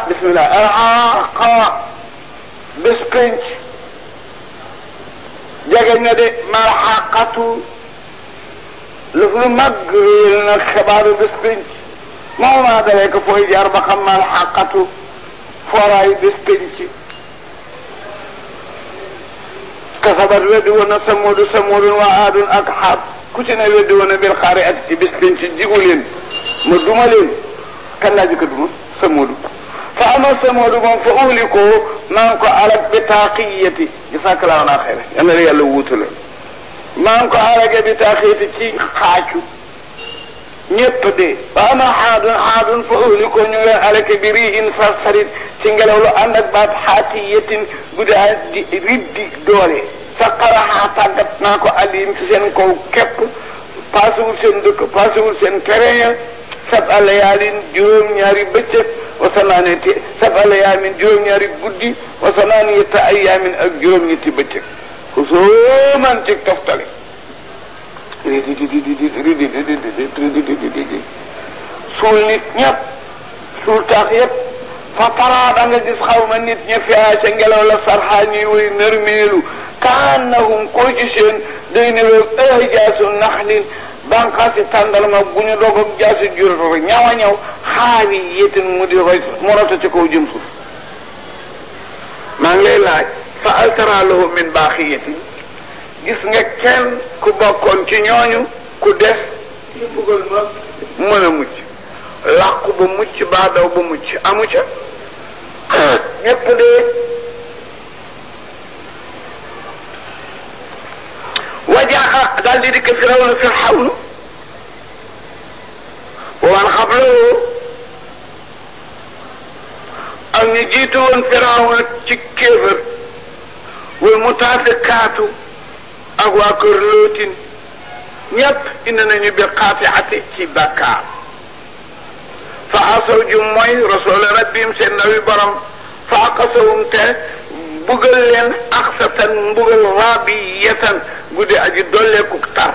ah bismillah ah ah bés de marxaqatu lëf lu mag réel na xabaaru bés pénc moom maa dalee ko fooy jaar ba xam marxaqatu fooraayu bés pénc kasabat weddi woon na samuudu samuudun wa aadun ak xaab ku ci ne weddi woon na bil xaari ak ci bés pénc jigu leen ma duma leen kan laa jëkk duma samuudu fa amal samuudu moom fa uhlikoo maa ngi alag bi taaqiyati jasakalaahu naa xayra yal na la yàlla maa ngi alage bi ci xaacu ñépp de wa ama xaadun xaadun fa uhlikoo ñu leen alake bi rihin sarsarit ci ngelaw lu ànd baat xaatiyatin guddi ay doole sa xaraxaa tàggat naa ko alim ci seen kaw képp paasewul seen seen terrain sab alayaalin juróom-ñaari bëccëg wa sanaaniyati sab'a layaalin juróom-ñaari guddi wa sanaaniyata ayyaamin ak juróom-ñetti bëccëg ku soo man ci toftale suul nit ñëpp suul taax fa taraa da gis xaw ma nit ña fiyaa ca ngelaw la sarxaa ñuy woy nërmeelu kaannahum koo ci seen day newee ahjaasu naxlin banqaasi tàndarma bu ñu doog ak jaasi jur ñaw a ñaw xaawiyatan mu di koy moroota ci kaw jëm maa ngi lay laaj fa altaralohu min baaxiyati gis nga kenn ku bokkoon ci ñooñu ku des mën a mucc làqu ba mucc baadaw ba mucc amu ca ñépp dee wajaa daal di dikk firawna firxawnu jiitu woon Firawna ci kéefër wal mutafikaatu ak waa kër lootin ñépp indi nañu bi xaafiati ci bàkkaar fa asaw mooy rasula rabbim seen ndawi borom fa aqasawum te bugal leen axsatan mbugal raabiyatan guddi aji dolleeku tar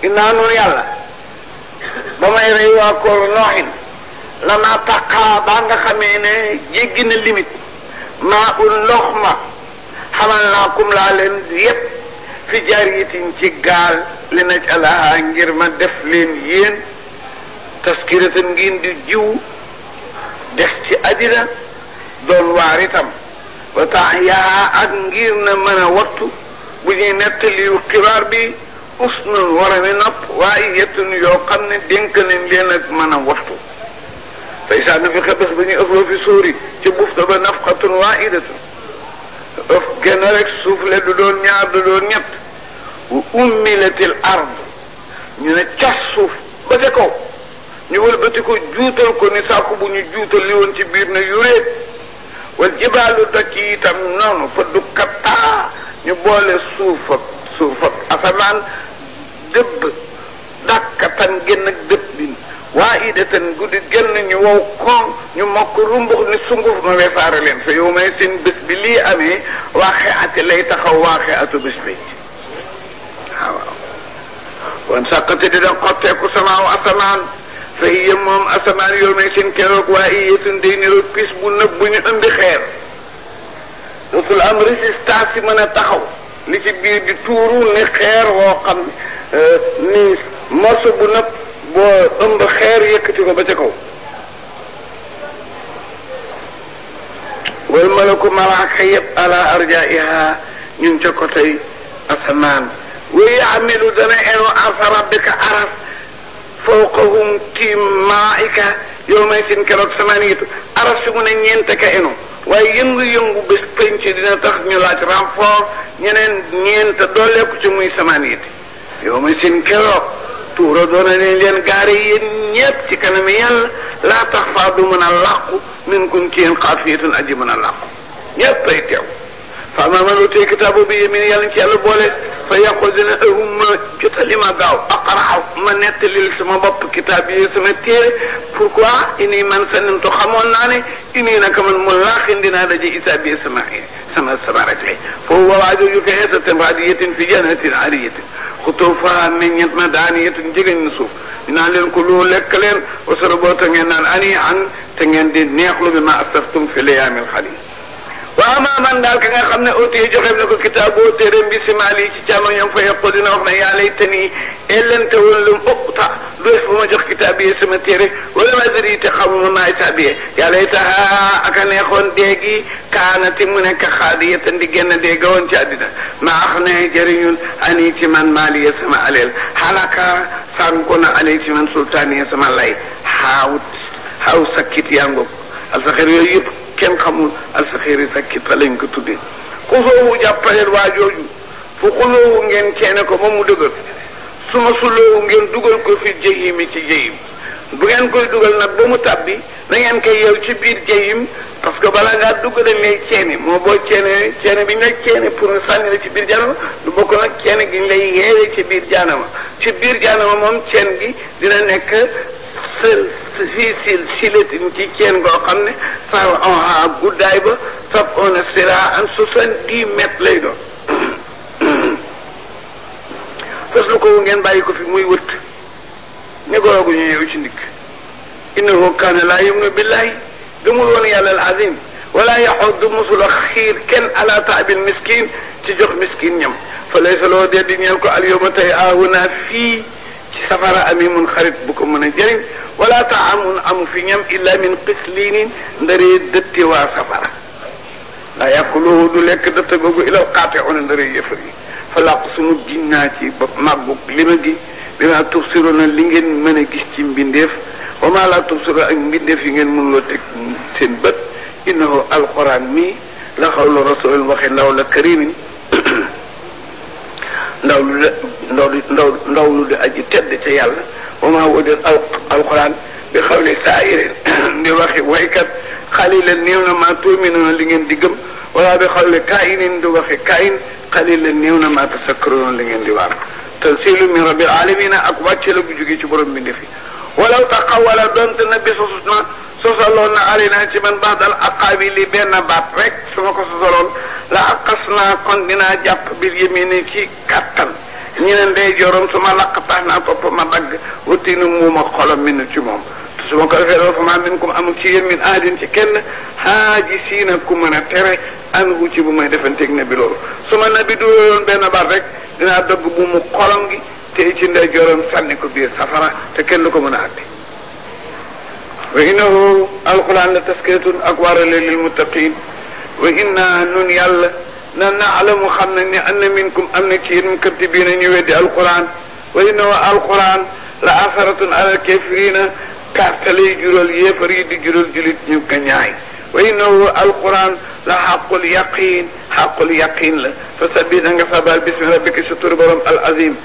ginnaa noonu yàlla ba may rey waa koor nooxin la naa tàqaa ba nga xamee ne jéggi maa un ndox ma xamal naa kum laa leen yépp fi jaariyatin ci gaal li naj alaha ngir ma def leen yéen taskiratan ngeen di jiw des ci àddina doon waar itam ba yaa ak ngir na mën wattu bu ñuy nettaliwu xibaar bi us nun war a mi nopp waaye yettun yoo ne dénk nañ leen ak mën wattu fa izaa nufixa bés bu ñuy ëfloo fi suuri ci bufta ba nafxatun waahidatun ëf genn rek suufle du doon ñaar du doon ñett wa ummilatil ard ñu ne cas suuf ba ca kaw ñu wëlbati ko juutal ko ni sàkku bu ñu juutal li woon ci biir na yuréet wal jibaalu doj yi itam noonu fa du kattaa ñu boole suuf ak suuf ak asamaan dëbb dàkkatan génn ak dëpp waa idatan guddi génn ñu wow koŋ ñu mokk rumbux ni sunguf ma weefaara leen fa yow may bés bi lii amee waaxe ati lay taxaw waaxe atu bés bi waaw kon sàkkati dina xotteeku samaaw asamaan fa iya moom asamaan yow may keroog waa iyatun day niroo pis bu nëb bu ñu ëmbi xeer dootul am résistance si mën a taxaw li ci biir di tuuru ni xeer woo xam euh, ni morso bu nëb moo ëmb xeer yëkkati ko ba ca kaw wal malaku malaaka yëpp ala arjaiha ñun ca ko tey asamaan wa yaamilu dana enu arsa rabbika aras fawqahum tiim malaika yowmay sin keroog samaan yitu aras su mu ne ñeent ka enu waaye yëngu-yëngu bés penc dina tax ñu laaj renfort ñeneen ñeent dooleeku ci muy samaan yiti yowmay tuura doona nañ leen gaare yéen ñépp ci kanam yàlla laa tax faa du mën a làqu min kum ci yéen xaafiyatun aji mën a làqu ñépp ay teew fa ma man utee kitaabu bi yemin yàlla ci yàlla boole fa yàqul dina ëhum ma jotali ma gaaw aqara ma nettalil sama bopp kitaab yi sama téere pourquoi ini man se sanentu xamoon naa ne ini naka man mu laaxin dinaa daje isaab bi sama sama sama rajo foofu waa waajooju ka eesa tembaadi yetin fi jannatin aaliyatin xutoo fa meññet na daan yetun jegéñ di suuf dinaa leen ko loo lekk leen wasara boo te ngeen naan ani an te ngeen di neexlu bi ma astaftum fi layaamil xalil waaw maa man daal ka nga xam ne autee joxe na ko kitaab boo téeréem bi simaal yi ci càmmoñ ñoom fa yokku dina wax ne yaa lay tani ellente woon lu uqta du def bu ma jox kitaab yi sama téere wala ma diri te xamuma naay tabiye yaa lay taxa ak a neexoon déegi kaanati mu nekk xaadi yettan di génn déega woon ci àddina ma ax ne jëriñul ani ci man maaliya sama aleel xalaka sànko na ale ci man sultaaniya sama lay xaawut xaaw sakkit yaa ngoog alfaxir yooyu yëpp kenn xamul alfaxiri sakkita lañ ko tuddee ku soowu jàppaleen waa jooju fu xuloowu ngeen ceene ko ba mu dëgër su ma suloowu ngeen dugal ko fi jëyim yi ci jëyim bu ngeen koy dugal nag ba mu tàbbi na ngeen koy yeew ci biir jëyim parce que balaa ngaa duggale lay ceene moo boo ceene ceene bi nga lay pour nga sànni la ci biir jaanama du bokk nag ceene gi ñu lay yeewee ci biir jaanama ci biir jaanama moom ceen gi dina nekk sël fii silsilatin ci ceen ngoo xam ne far an soixante-dix mètres lay doon fas lu ko ngeen bàyyi ko fi muy wët ne goroogu ñu ñëw ci ndigg innahu kaana laa yumnu billahi gëmul woon yàlla al azim wala yaxuddu musula xiir kenn ala taabil miskin ci jox miskin ñam fa laysa loo dee di ñeel al yawma tey ahuna fii ci safara ami mun xarit bu ko mën a wala taamun amu fi ñam illa min qislinin ndaree dëtti waa safara la yàquluhu du lekk dëtt googu ilal qaati'una ndaree yëfër yi falaa uqsimu jinnaati ba lima gi bi ma tubsiruna li ngeen mën a gis ci wa ma laa tubsiruna ak mbindeef yi ngeen mënuloo teg seen bët innahu alquran mi la xawlu rasulin waxe ndaw la karimin ndaw lu di aji tedd ca yàlla wa maa woo deel al alxuraan bi xawli saa irin di waxi waykat xalilan néew na maa tuuminuuna li ngeen di gëm wala bi xawli kaayinin di waxi kaayin xalilan néew na maa tasakkaruuna li ngeen di waar tansilu min rabbil alamina ak wàcce la bu jógee ci borom bi ndi fi walaw taqawala donte na bi sosus na sosaloon na alinaa ci man baatal aqaabi li benn baat rek su ma ko sosaloon la aqas naa kon dinaa jàpp bir yemee ne ci kattan ñu ne ndey jorom su ma lakk pax ma dagg wuti nu muuma xolam ma ko defee loolu fa maa min kum amul ci yéen min ci kenn xaaji siina ku mën a tere an hu ci bu may defanteeg nabi loolu su ma nabi du yoon benn baat rek dinaa dogg bu gi te ci ndey jorom sànni ko biir safara te kenn du ko mën a àtte wa innahu alquran la taskiyatun ak warale lil muttaqin wa inna nun yàlla na naalamu xam nañ ne anna minkum am na ci yéen kaddibiina ñu weddi alquran wa inna wa alquran la asaratun alal kafirina karte lay jural yéefar yi di jural julit ñu ko ñaay wa inna wa alquran la xaqul yaqin xaqul yaqin la fa sabbi na nga sabal bismi rabbika si tur borom al azim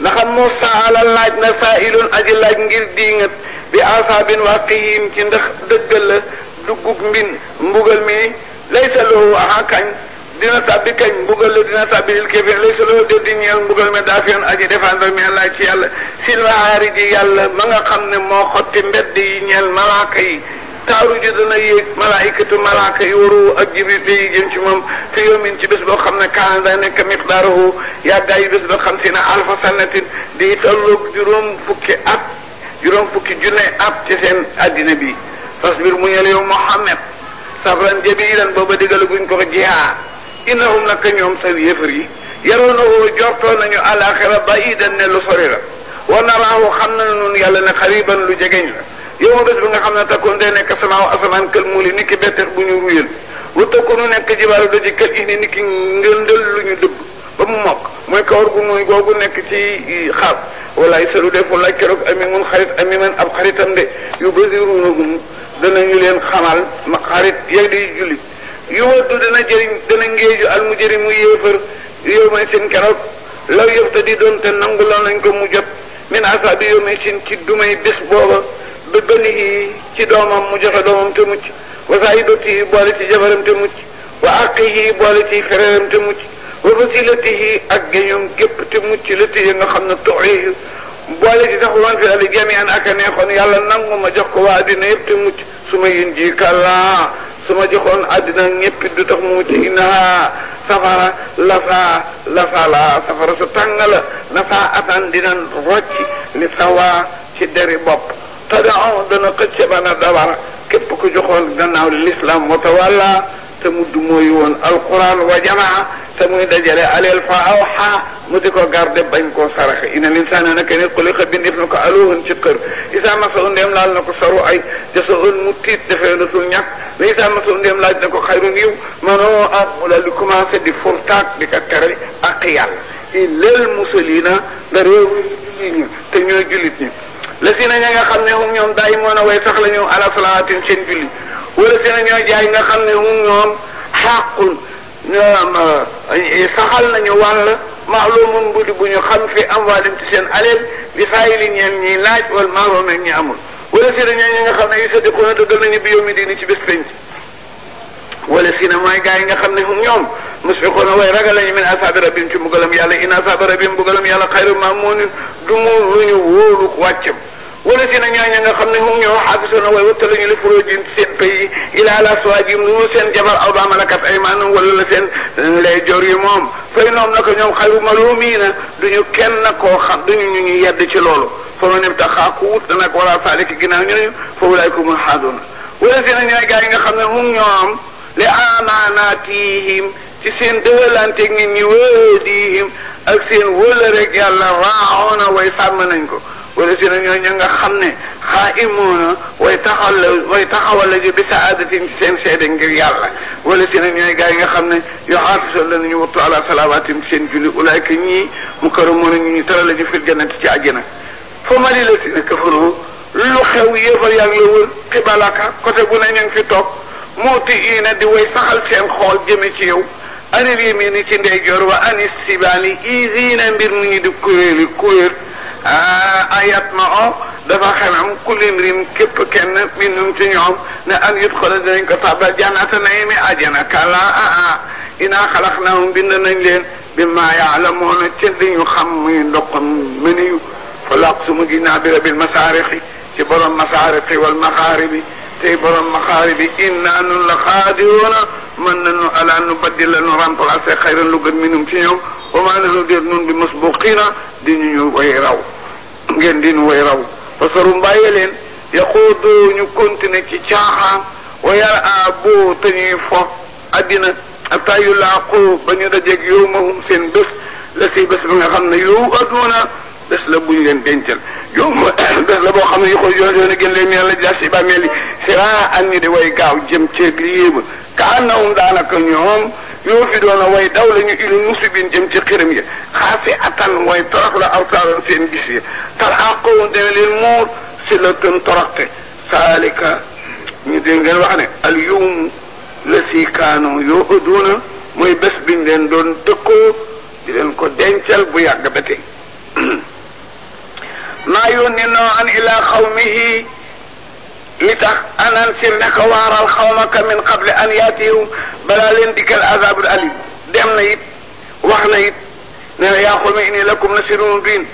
ndaxam moo saala laaj na saailun aji laaj ngir diingat bi asaabin waqiyin ci ndax dëggal la duggug mbin mbugal mi laysa lahu axakañ dina tàbbi kañ mbugal la dina tàbbi lil kéeféer lay soloo de di ñeel mbugal ma daa fiyoon aji mi yàlla ci yàlla silvahaari ji yàlla ma nga xam ne moo xotti mbedd yi ñeel malaaka yi taaru ji dana yéeg malaayikatu malaaka yi waru ak jibril yi jëm ci moom fi yoomin ci bés boo xam ne kaana da nekk miqdaarahu yàggaay bés ba xam si na alfa sanatin di tolloog juróom fukki at juróom fukki junne at ci seen addina bi fasbir mu ñeel yow sabran jabilan booba diggalu guñ ko ko innahum nag ñoom sa yëfër yi yarunahu jortoo nañu alaxira baidan ne lu sori la wa naraahu xam na noon yàlla ne xariban lu jegeñ la yow ma bés bi nga xam ne takkoon day nekk samaaw asamaan kël muuli ni ki bettex bu ñu ruyal wa takkunu nekk jibaaru ba kël ihni ni ki ngëndal lu ñu dëbb ba mu mokk mooy kawar gu muy googu nekk ci xaab walaay salu defu laaj keroog ami mun xarit ami man ab xaritam de yu basiruunahum ñu leen xamal ma xarit yeg yu waddu dana jëriñ dana ngéeju almujrim mu yéefar yow may seen keroog te di doon nangu lo lañ ko mu jot min asaabi yow may seen ci dumay bés booba ba banihi ci doomam mu joxe doomam muj wa saayidatihi boole ci jabaram te mucc wa aqihi boole ci fereeram te mucc wa fasilatihi ak géñoom gépp te mucc la téye nga xam ne tuuti boole ci sax wan fi ali jamian ak a neexoon yàlla nangu ma jox ko waa addina yëpp te mucc su ma yën ji su ma joxoon àddina ñéppit du tax mu mucc innaha safara lafa lafa la safara su tàng la nafa atan dina rocc li sawa ci deri bopp tadao dana xëcc bana dabara képp ku joxoon gannaaw l'islam watawalla te mu du mooy woon alquran wa jamaa te muy dajale aleel fa awxa mu di ko garde bañ koo saraxe ina linsaana naka nit ku li xa bindif na ko aluhun ci kër isaa masa undéem laal na ko saru ay jasa un mu tiit dafee na sul ñàkk wa isaa masa undéem laaj na ko xayrun ma manoo am mu la lu commencé di furtaak di ko tere ak yàlla i leel musalina nda réew ñi te ñooy jullit ñi la si na ña nga xam ne hum ñoom daay moon a way sax la ñu ala salaatin seen julli wala si na jaay nga xam ne hum ñoom xàqul ñoom eh, saxal nañu wàll maalumun bu di bu ñu xam fi am waalim ci seen aleel li saayi li ñeen ñiy laaj wala maaroom ak ñi amul wala si na ñi nga xam ne yu sadi xona dëggal nañu bi yawmi diini ci bés penc wala si na mooy gars yi nga xam ne um ñoom musfiqoona way ragal lañu min asaabi rabbim ci mbugalam yàlla in asaabi rabbim mbugalam yàlla xayru mamunin du mu lu ñu wóolu wàccam wala si na ñooñu nga xam ne moom ñoo xaafisoona waaye wëtta la ñu li furóojin seen pays yi ilaa la suwaajim lu seen jabar aw ba malakat aymaanum wala la seen lay jor yi moom fay noom naka ñoom xayru maluumiina duñu kenn koo xam duñu ñu ñu yedd ci loolu fa ma nem tax xaaku wut nag wala saalika ginnaaw ñooñu fa ulaayikumul xaaduuna wala si na ñooy gaa yi nga xam ne hum ñoom li amaanaatihim ci seen dëgalanteeg nit ñi wëdiihim ak seen wëla rek yàlla raaxoona way sàmm nañ ko wala si na ñooy nga xam ne xaaimuuna way taxaw la way taxawal la ñu bi saadatin ci seen seede ngir yàlla wala si ne ñooy gars yi nga xam ne yoo xaafisoo la nañu wattu ala salawaatim seen mu kër mën a ñu ñu tëral la ñu fil jannati ci àjjana fa mali la si a kafaru lu xew yéefal yaa ngi la wër xibalaka côté bu ne ñu ngi fi toog muuti iina di way saxal seen xool jëme ci yow anil yemini ci ndeyjoor wa anis sibaani isiina mbir mu ngi di kuréeli kuréel Ah, ayat ma o dafa xemam kullim rim képp kenn minum ci ñoom ne an yut xola dinañ ko tàbbal jannata nay mi ajjana kala aa ah, ah. inaa xalax nahum bind nañ leen bi maa yaalamoona ci li ñu xam muy ndoxam meniyu fa laq su ma giñ naa bi rabil masaarixi ci borom masaarixi wal maxaaribi tey borom maxaaribi inna nun la xaadiroona mën nañu ala nu baddila nu remplacer xayran lu gën minum ci ñoom wa maa nanu déet nun bi masbuqiina di ñu ñu way raw ngeen din way raw basarum bàyyi leen yaxuudu ñu continuer ci caaxaan wa yar a boo te fo addina ataa yu laaqu ba ñu dajeeg yow seen bés la si bés bi nga xam ne yow adduna bés la bu ñu leen dencal yow ma bés la boo xam ne yu ko yoon yoon a gën leen ñu la jaar si bàmmeel yi si waa an ñi di way gaaw jëm ceeb li yéeba ka annahum daanaka yoo fi doona way daw la ñu ilu musibin jëm ci xiram la aw saaroon seen gis yi tar a qowoon dana si la tën toroxte saalika al yowm la si kaano yoo aduuna mooy bés biñ leen doon dëkkoo ko dencal bu yàgg ba tey maa yónni ila xawmihi li tax anaan sir naka waaral xawmaka min qable an yaatihum balaa leen dikkal azabul alim dem na it wax na it nee na yaa xawmi inni lakum nasirun mubin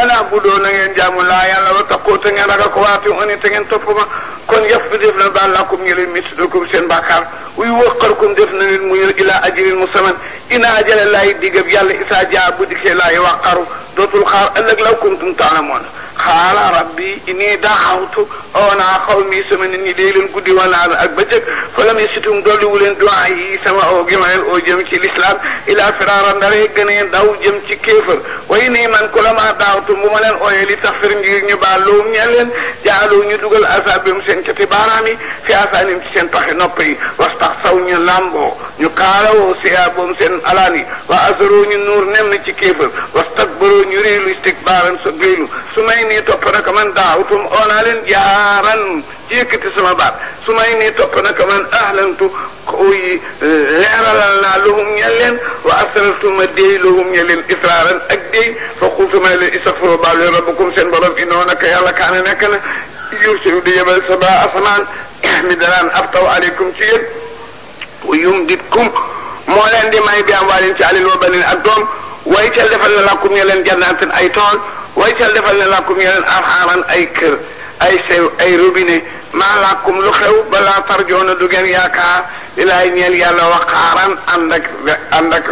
ana bu doo na ngeen jaamu laa yàlla wa taqoo te ngeen ragal ko waati te ngeen topp ma kon yëpp def na baal lakum ñu leen misdakum seen bàkkaar uy wëqarkum def na leen mu ñëw ilaa ajrin musamman dinaa jële laay digab yàlla isaa jaa bu dikkee laay waqaru dootul xaar ëllëg law kuntum taalamoon a rabbi nii daxawtu oonaa xaw mi sama nit ñi day leen guddi wanaan ak bëccëg fa lam yasitum dolliwu leen duwaa yi sama oo gi ma leen oo jëm ci lislaam ilaa firaara ndaree gënee daw jëm ci kéefër way nii man ku la maa daawtu bu ma leen ooyee li tax fir ngir ñu baal loom ñe leen jaaloo ñu dugal asaabim seen cati baaraam yi fi asaanim ci seen paxi nopp yi wastax taalaw siyaabum seen alaani wa asaroo ñu nuur nem na ci kéefër wastakbaroo ñu istikbaaran sa réelu su may nii topp naka man daawtum oonaa jaaran ci yëkkati sama baat su ma nii topp naka man ahlantu uy eh, leeralal naa lahum ña leen wa asrartuma déy lahum ña leen israaran ak déy fa xultumay baal leen rabbukum seen borom inoo naka yàlla kaane nekk na yursilu di yebal a asamaan mi daraan ab taw aleykum yumdidkum moo leen di may bi am waa leen ci al wa banin ak doom way cal defal na làkkum ñe ay tool way cal defal ay kër ay sew ay robinet maa du ngeen yaakaar lilaay yàlla waxaaran ànd ak ànd ak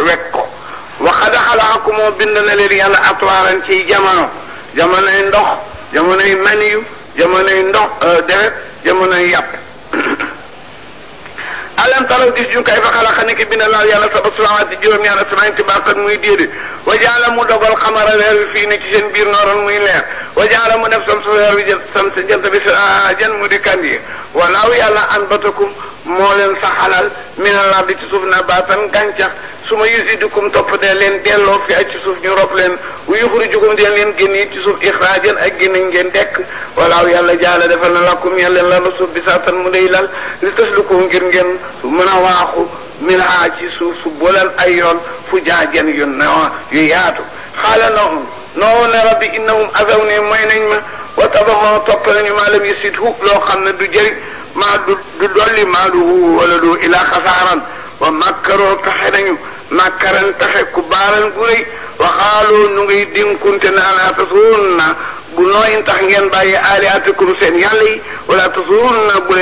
leen yàlla atwaaran ci jamono jamonoy ndox jamonoy maniyu jamonoy ndox euh, deret alam taraw gis ñu kay fa xalaqa ni ki bina laaw yàlla saba samaawaati juróom-ñaari asamaan ci baaxtan muy déedéet wa jaala mu dogal xamara weer wi fii ni ci seen biir nooran muy leer wa jaala mu def sam sa weer wi jant sam sa jant bi sa ah, jan mu di kandi walaaw yàlla an batakum moo leen a minal ardi ci suuf nabaatan gàncax su ma yusidukum topp de leen delloo fi ak ci suuf ñu rob leen wa yuxrijukum deen leen génne ci suuf ixraajan ak génnañ ngeen dekk walaaw yàlla jaala defal na lakum yàlla leen la suuf bi saatan mu day lal li tasluku ngir ngeen mën a waaxu min haa ci suuf su booleel ay yoon fu jaajan yu nawa yu yaatu xaala noohum noohu ne rabbi innahum azaw ne mooy nañ ma wa tabaxoo topp nañu maa lam yusidhu loo xam ne na jëriñ maa du du dolli maa du wala du ilaa xasaaran wa makkaroo taxe nañu makkaran taxe ku baaran nu ngiy dinkunte naa laa tasuun na bu nooyin tax ngeen bàyyi aliatikum seen yàlla yi wala tasuun na bu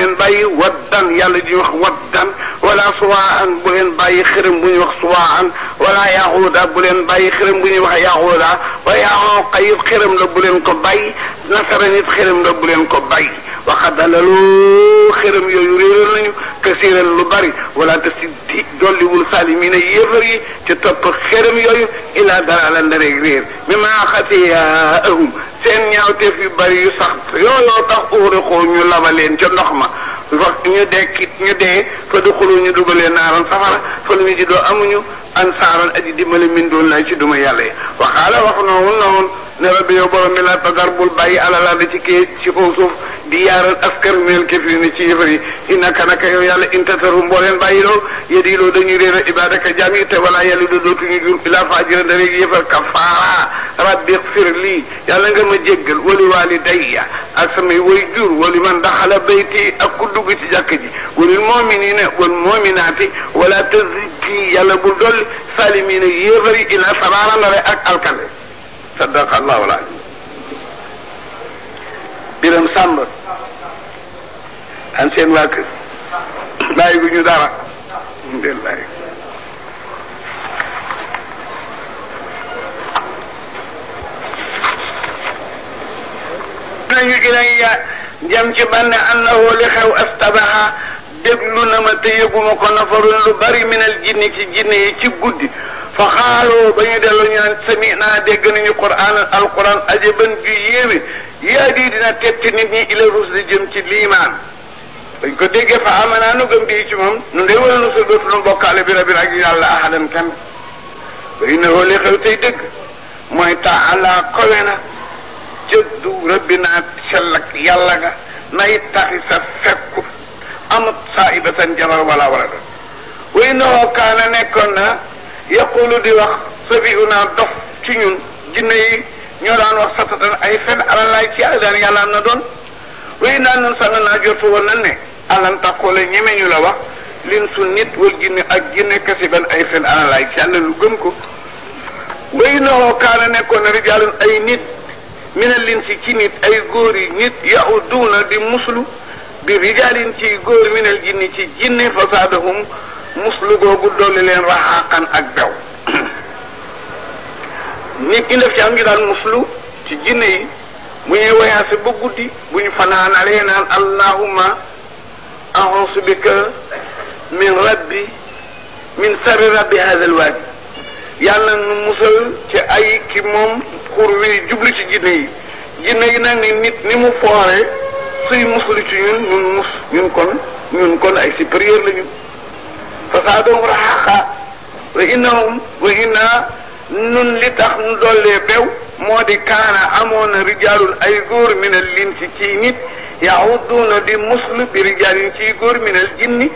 waddan yàlla di wax waddan wala suwaan bu leen bàyyi xërëm bu ñuy wax suwaan wala yaxuuda bu leen bàyyi xërëm bu ñuy wax yaxuuda wa yaxooqa it xërëm la bu leen ko bàyyi nasara nit xërëm la bu ko bàyyi waxadalalu xëram yooyu réeral nañu kasiran lu bari wala te si di dolliwul saalimiina yéefar yi ca topp xëram yooyu ilaa dara la ndareeg réer mi maa xatiyaahum seen ñaawteef yu bari yu sax yooyoo tax uxriqoo ñu laba leen ca ma wax ñu dekkit ñu dee fa duxulu ñu dugalee naaran safara fa lu ñu ji doo amuñu ansaaran aji dimbale min doon lay ci duma yàlla yi waxaala wax noonu noonu ne rabbi yow borom bi la tadar bul bàyyi alal la ci kii ci di yaaral askar mel kafiri ne ci yëfar yi innaka naka yow yàlla intatarhum boo leen bàyyi loo yedi loo dañuy réer a ibadaka jaam yi te wala yàlla do dootuñu jur ila fajira da rek yëfar kafaara rabbi xfir lii yàlla nga ma jéggal wali walidayya ak samay way jur wali man daxala bayti ak ku dugg ci jàkk ji walil muminina wal muminaati wala tazki yàlla bu dolli salimina yéefar yi ila sabaara ndare ak alkande sadaqa allahu alazim biram sàmb an seen waa kër bàyyi gu ñu dara mu deel jam ci banne xew astabaha déglu na ma te yëguma ko nafarun lu bari minal jinni ci jinne yi ci guddi fa xaaloo ba ñu delloo ñu naan sami naa dégg nañu quraan alquran ajaban ju yéeme yaa di dina tetti nit ila rusdi jëm ci liimaan bañ ko déggee fa amana nu gëm bi ci moom nu dee wala nu sëlbët nu bokkaale bi rabbi ak yàlla ahadan kenn bari na xoolee xew tey dëgg mooy taala kowe na jëddu rabbi naa sell ak yàlla nga nay taxi sa fekku amut saa ibatan jabar wala wala da way nawoo kaana nekkoon na yaqulu di wax sabi unaa dof ci ñun jinne yi ñoo daan wax satatan ay fen alalaay ci yàlla daan yàlla am na doon way naa nun sànn naa jotu woon nan ne alan taqula ñemeñu la wax lin su nit wal jinne ak jinne kasiban ay fen alalaay ci lu gëm ko way nowoo kaana nekkoon rijaalun ay nit mina lin si ci nit ay góor yi nit yahu duuna di muslu bi rijaalin ci góor minal jinni ci jinne fasaadahum muslu googu dolli leen raxaaqan ak daw nit ñi def ci am ñu daan muslu ci jinne yi bu ñuy wayaase ba guddi bu ñu fanaanalee naan a bika min rabbi min sarri rabbi haadal waadi yàlla nu musal ci ay ki moom xur wi ci jinne yi jinne yi nag ni nit ni mu foore suy muslu ci ñun ñun mus ñun kon ay supérieur la ñu fasaadahum rahaqa wa innahum nun li tax nu dollee bew moo di amoon na ay góor min al-insi ci nit yahuduuna di muslu bi rijalin ciy góor minal jinni